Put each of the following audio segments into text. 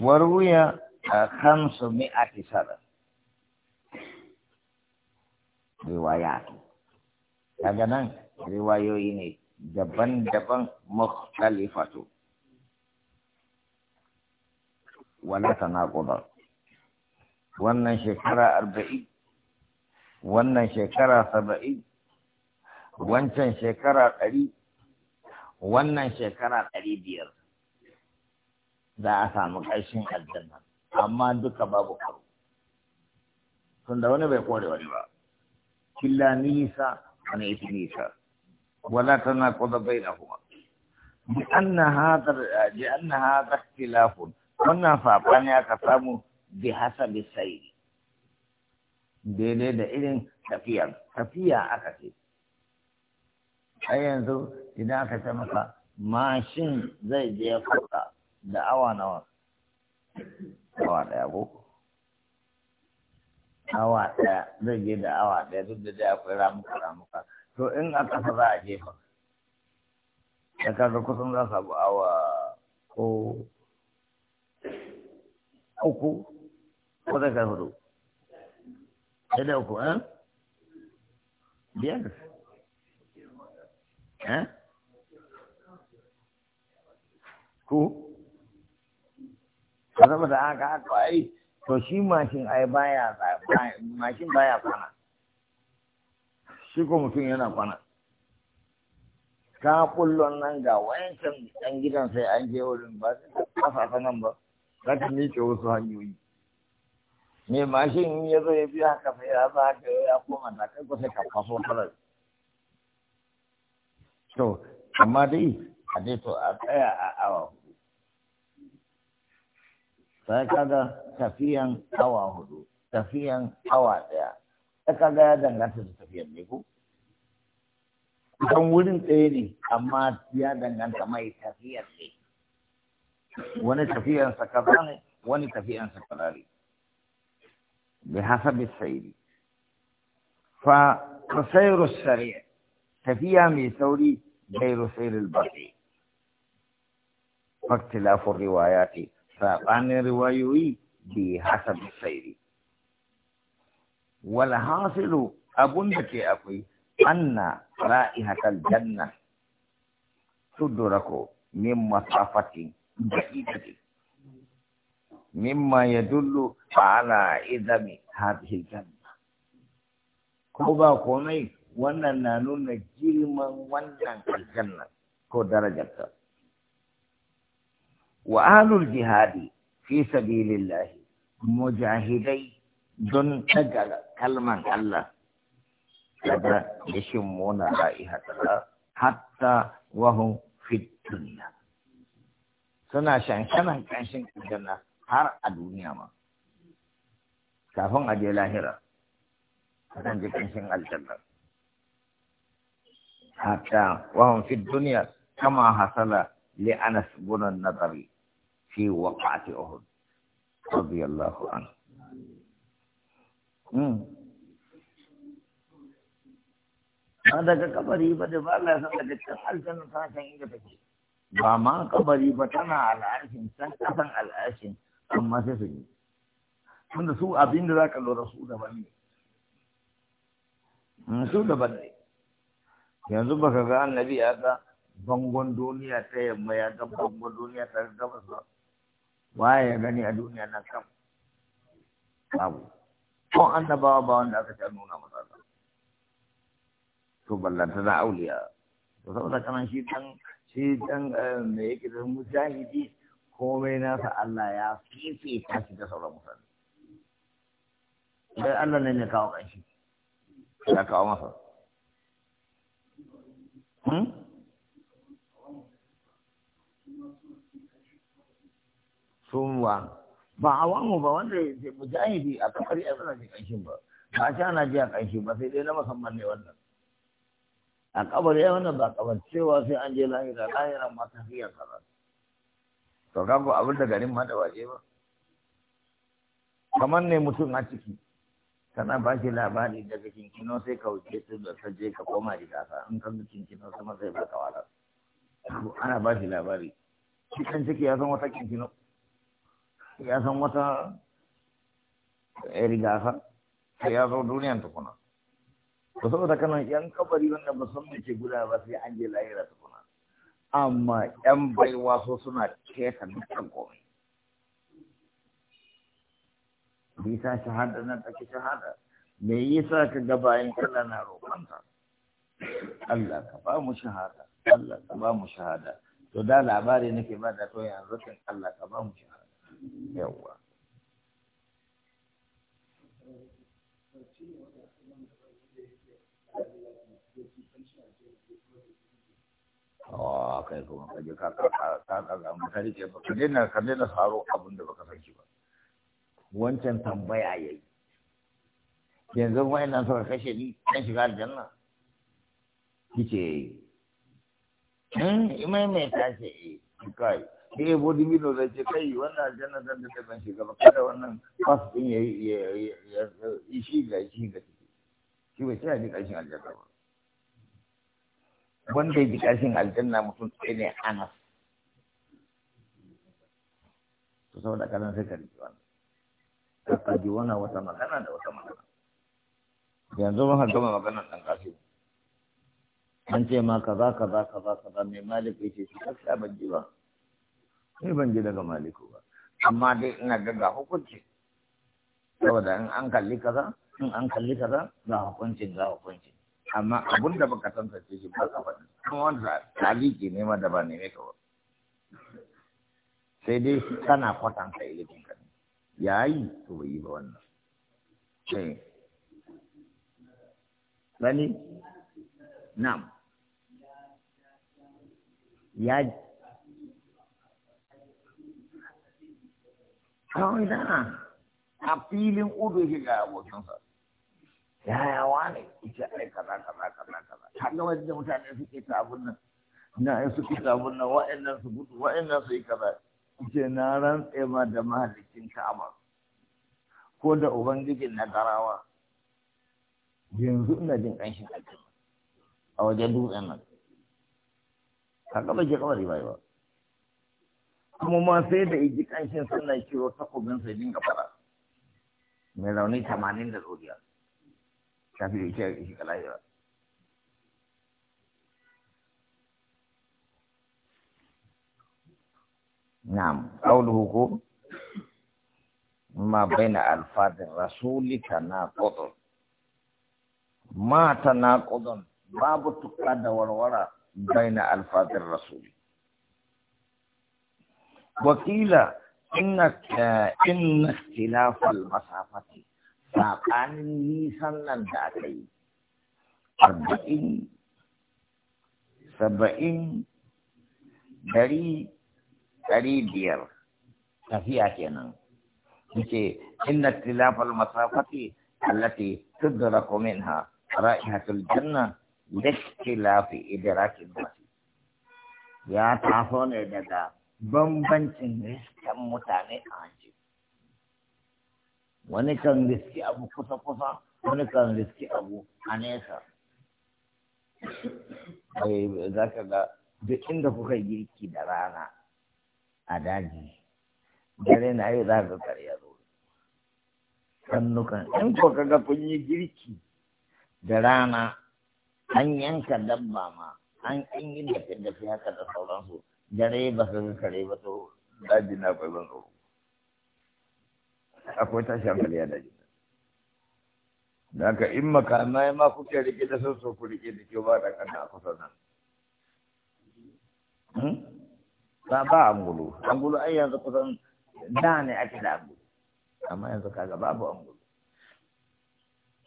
وروي خمسمائة سنة روايات daga nan riwayoyi ne daban-daban mukhtalifatu wala tanaquda wannan shekara arba'in wannan shekara saba'in wancan shekara ɗari wannan shekara ɗari biyar za a samu ƙarshen aljanna amma duka babu karo tunda wani bai kore wani ba killa nisa wani ita nisa wala tana kuda bai na kuma لأن an na hada, اختلاف wannan ya aka samu bi hasabi sai daidai da irin tafiya tafiya aka ce Ai yanzu idan aka ce maka mashin zai je kuka da awa nawa awa ɗaya ko awa ɗaya zai je da awa ɗaya duk da dai akwai ramuka ramuka to in a ƙasa za a jefa da kaga kusan za su awa ko uku ko zai kai hudu ɗaya da uku eh biyar eh ku saboda haka haka ai to shi mashin ai baya mashin baya kwana shi ko mutum yana kwana ka kullon nan ga wayancan ɗan gidan sai an je wurin ba sai ta nan ba za ta miƙe wasu hanyoyi me mashin ya zo ya biya haka sai ya za ka ya koma da kai ko sai ka faso farar to amma dai a dai to a tsaya a awa sai kaga tafiyan awa hudu tafiyan awa daya sai kaga ya danganta da tafiyan ne ko kan wurin ɗaya ne amma ya danganta mai tafiyar ne wani tafiyan sa kaza ne wani tafiyan sa kaza ne bi hasabi sayri fa sayru sari tafiya mai sauri غير سير البقي فاختلاف الروايات saɓanin riwayoyi bi hasab sairi wal hasilu abun da ke akwai anna ra'ihatal janna tudraku min masafatin ba'idatin mimma yadullu ala idami hadhihi janna ko ba komai wannan na nuna girman wannan aljanna ko darajarta وأهل الجهاد في سبيل الله مجاهدي دون تجل كلمة الله قدر يشمون رائحة الله حتى وهم في الدنيا سنة شان شان شان شان شان هر الدنيا ما كافون أجي لاهرة شان شان شان الجنة حتى وهم في الدنيا كما حصل لأنس بن النضري في وقعة أهد رضي الله عنه هذا كبري بدي بالله سبحانه وتعالى الجنة سنة إنك كبري بتنا على عرش إنسان كفن على عرش أما سيسجي من سوء أبين ذاك الله رسول بني رسول بني yanzu baka ga annabi ya ga bangon duniya ta yamma ya ga bangon duniya ta gabas ba waye ya gani a duniya na kam babu ko annabawa ba wanda aka ta nuna masa ba to ballanta na auliya to saboda kana shi dan shi dan eh, me yake da mujahidi komai nasa Allah ya ta shi da sauran mutane sai Allah ne ne kawo kanshi ya kawo masa hmm? tumwa ba a wamu ba wanda ya mujahidi a kafar ya zana jin ƙanshin ba ba a sha na ji a ƙanshi ba sai dai na musamman ne wannan a kabar ya wannan ba kabar cewa sai an je lahira lahira ma ta fiye kaza to ko abin da garin ma da waje ba kamar ne mutum a ciki kana ba shi labari daga kinkino sai ka wuce su da je ka koma rigasa in kan kinkino sama sai ba ka wala ana ba shi labari shi kan ciki ya san wata kinkino ya san wata eh, rigasa sai ya zo duniyan tukuna to saboda kana yan kabari wanda ba san ke guda ba sai an je lahira tukuna amma yan baiwa so suna keta dukkan komai bisa shahada nan take shahada me yasa ka ga bayan kala na roƙonta Allah ka ba mu shahada Allah ka ba mu shahada to da labari nake ba da to yanzu kan Allah ka ba mu shahada yawwa ah, kai kuma ka je ka kaka ka rike ba ka daina ka daina faro abin da baka saki ba wancan tambaya yayi yanzu wayannan suka kashe ni kan shiga aljanna kike eh hmm, imai mai tashi eh kai ya eh, bo dibino zai ce kai wannan aljanna zan da ban shiga ba kada wannan fas din ya ya shi ga shi ga shi bai sai ji kashin aljanna ba wanda ya ji kashin aljanna mutum sai ne anas to saboda kanan sai ka rike wannan kaka ji wannan wata magana da wata magana yanzu mun gama magana dan kasu an ce ma kaza kaza kaza kaza mai malik yake shi kasa ban ji ba ni ban ji daga maliku ba amma dai ina ga ga hukunci saboda in an kalli kaza in an kalli kaza ga hukunci ga hukunci, amma abun da baka tantance shi ba ka faɗi kuma wanda taliki ne ma da ba neme ka ba sai dai kana kwatanta ilimin ka ne yayi to bai yi ba wannan sai eh. gani na'am ya kawai da a filin udu ke ga abokinsa yaya wane ita ai kaza kaza kaza kaza ta ga wajen mutane suke ta nan na ai suke ta abun nan wa'annan su gudu wa'annan su yi kaza ke na rantse ma da mahalicin kama ko da ubangijin na garawa yanzu ina jin ƙanshin a wajen dutsen nan ka ga ba ke kamar ba kuma ma sai da iji kanshin suna kiro takobin sai dinga fara mai rauni tamanin da zuriya kafin ya ce shi kalahira na'am qawluhu ko ma baina alfadin rasulika na qudun ma ta na qudun babu tukka da warwara baina alfadin rasuli wakila inna eh, inna khilafal masafati tsakanin nisan nan da aka yi arba'in saba'in dari dari biyar tafiya kenan yace inna khilafal masafati allati tudraku minha ra'ihatul janna da idrakin ya taso ne daga bambancin riskan mutane a hanci wani kan riski abu kusa-kusa wani kan riski abu a nesa za ka ga duk inda kuka girki da rana a daji dare na yi za ka karya zo sannukan in ko ga kun yi girki da rana an yanka dabba ma an yi dafe-dafe haka da sauransu gane ba ga kare ba to daji na akwai ban tsoro akwai tashi amfani ya daji da haka in makamai ma kuke rike da sun so ku rike da ke ba da kanta a kusa na? Hmm? ba ba angulu angulu ai yanzu kusan da ne ake da angulu amma yanzu kaga babu angulu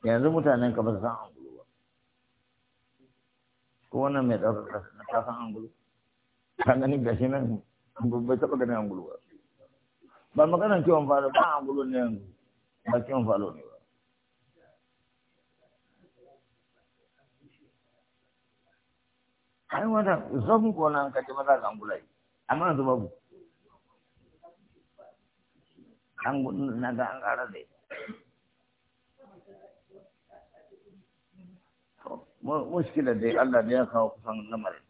yanzu mutanen ka ba su san angulu ba ko wannan mai ɗaukar kasa na san angulu kan gani gashi nan bai taɓa ganin angulu ba ba maganan kiwon falo ba angulu ne ba kiwon falo ne ba ai wata zafin ka ce maza ga angulai amma an na ga an ƙara da muskilar dai Allah da ya kawo kusan lamarin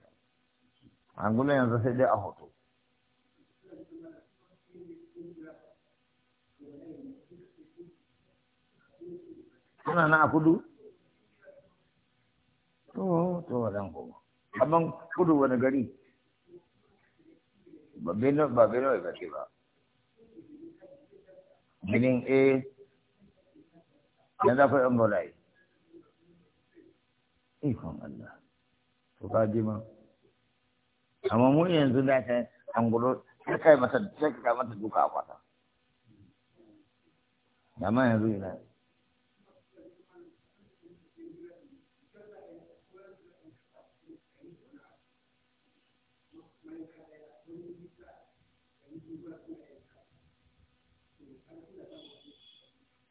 angulo yanzu sai dai a hoto suna na a kudu to to wadan kuma amma kudu wani gari ba beno ba beno ba ce ba ginin a eh. ya zafi an bolaye ikon Allah to ka ji ma amma mu yanzu da ta angulu ta kai mata ta kai mata duka a kwata amma yanzu ina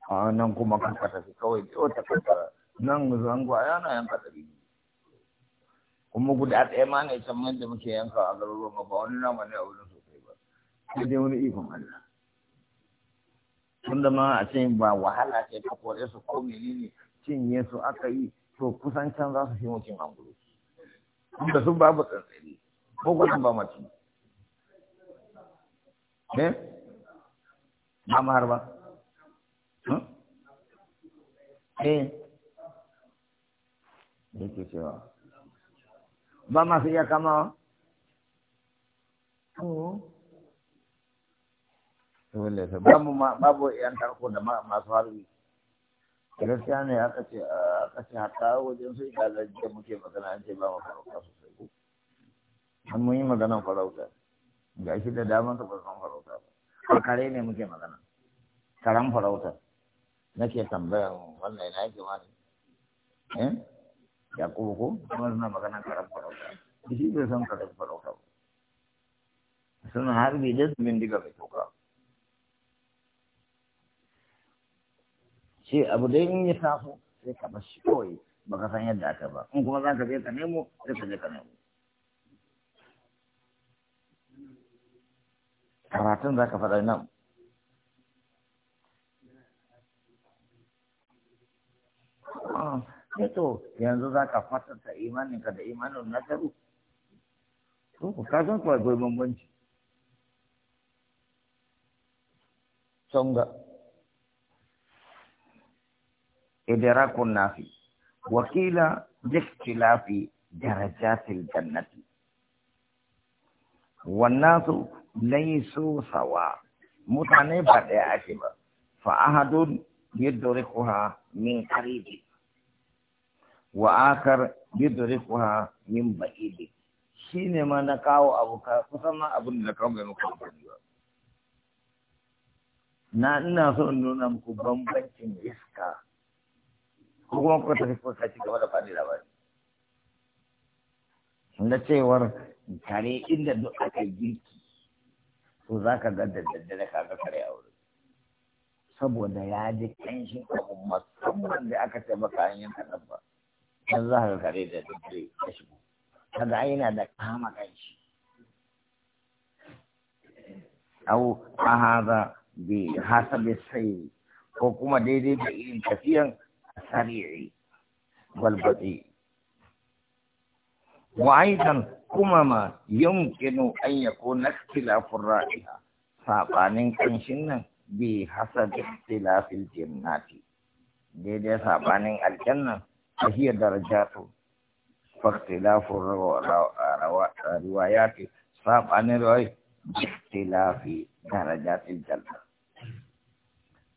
a nan kuma kan kwata kawai ta kwata nan zango a yana yan kwata biyu kuma guda ɗaya ma ne man da muke yanka a garuruwan ba wani nama ne a wurin sosai ba sai dai wani ikon Allah tunda ma a ce ba wahala ce ta kore su ko menene cinye su aka yi to kusan can za su fi mutum angulu da sun babu tsantsari ko gudun ba ci. ne ba mahar ba hmm? eh yake cewa ba masu iya kama babu yan tarko da masu harbi gaskiya ne aka ce aka ce hatta wajen su idalar da muke magana an ce ba mu farauta sosai an mun yi maganan farauta ga shi da damar ka farkon farauta ba kare ne muke magana karan farauta nake tambayan wannan ina yake wani? ya kuma ko kuma suna magana karan farauta shi bai san karan farauta ba suna harbi da su bindiga mai toka shi abu dai in ya taso sai ka ba shi kawai baka san yadda aka ba in kuma za ka je ka nemo sai ka je ka nemo karatun za ka faɗa nan ah. sai eh to yanzu za ka fasanta imaninka da imanin nasaru to ku ka san kawai bambanci songa idrakun nafi wakila jiktilafi darajatil jannati wannasu laisu sawa mutane ba ɗaya ake ba fa ahadun yadda rikuha min karibi wa akar yudrikuha min ba'idi shine ma na kawo abu kusan ma abin da kawo mai muku ba na ina so in nuna muku bambancin iska ko kuma ku tafi ko sace game da fadi labari na cewar kare inda duk aka girki to za ka ga da daddare ka ga kare a wurin saboda ya ji kanshin abu musamman da aka ce maka an yanka الظهر الفريد الفكري اسمه هذا عينه ذاك ما قيس او هذا بحسب السير حكومة دي دي بإن كثيرا السريع والبطيء وأيضا كمما يمكن أن يكون اختلاف الرائحة فأقان كنشن بحسب اختلاف الجنات دي دي الجنة فهي درجات فاختلاف الروايات صعب عن الرواية باختلاف درجات الجنة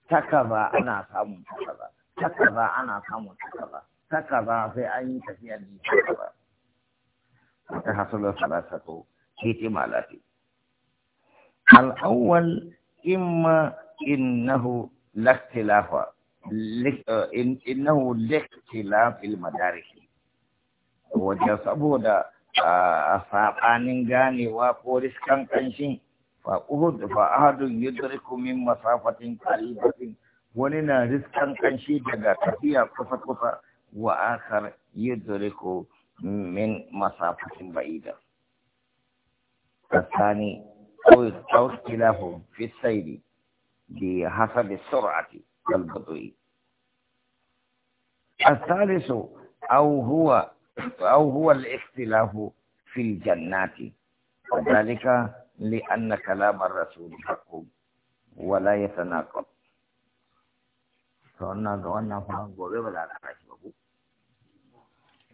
تكذا أنا سامو تكذا تكذا أنا سامو تكذا تكذا في أي كثير دي تكذا وتحصل ثلاثة احتمالات الأول إما إنه لا اختلاف Eh, innahu liktilafil madariki wajen saboda a ah, saɓanin ganewa ko riskan ƙanshin fa uhud fa ahadun yudriku min masafatin qaribatin wani na riskan kanshi daga tafiya kusa kusa wa akhar yudriku min masafatin ba'ida الثاني أو اختلاف في السير بحسب السرعة كالبطء الثالث أو هو أو هو الاختلاف في الجنات وذلك لأن كلام الرسول حق ولا يتناقض فأنا قوانا فهم قوي ولا بابو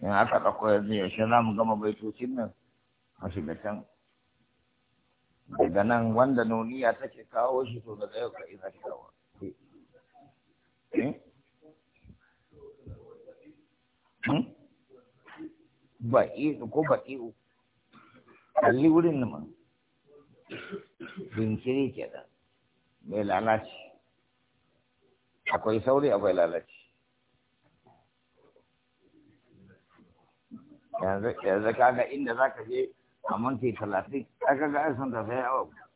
يعني أكد أقول يا شلام قم بيتوسين حسب الشام إذا نان وان دنونية تكي كاوشي تبدأ يوكا إذا كاوشي baƙi ko ba'i'u kalli wurin nan jinkiri ke da mai lalaci akwai sauri akwai lalaci yanzu kaga inda za ka je a minti talatin aka ga an san ta sai awa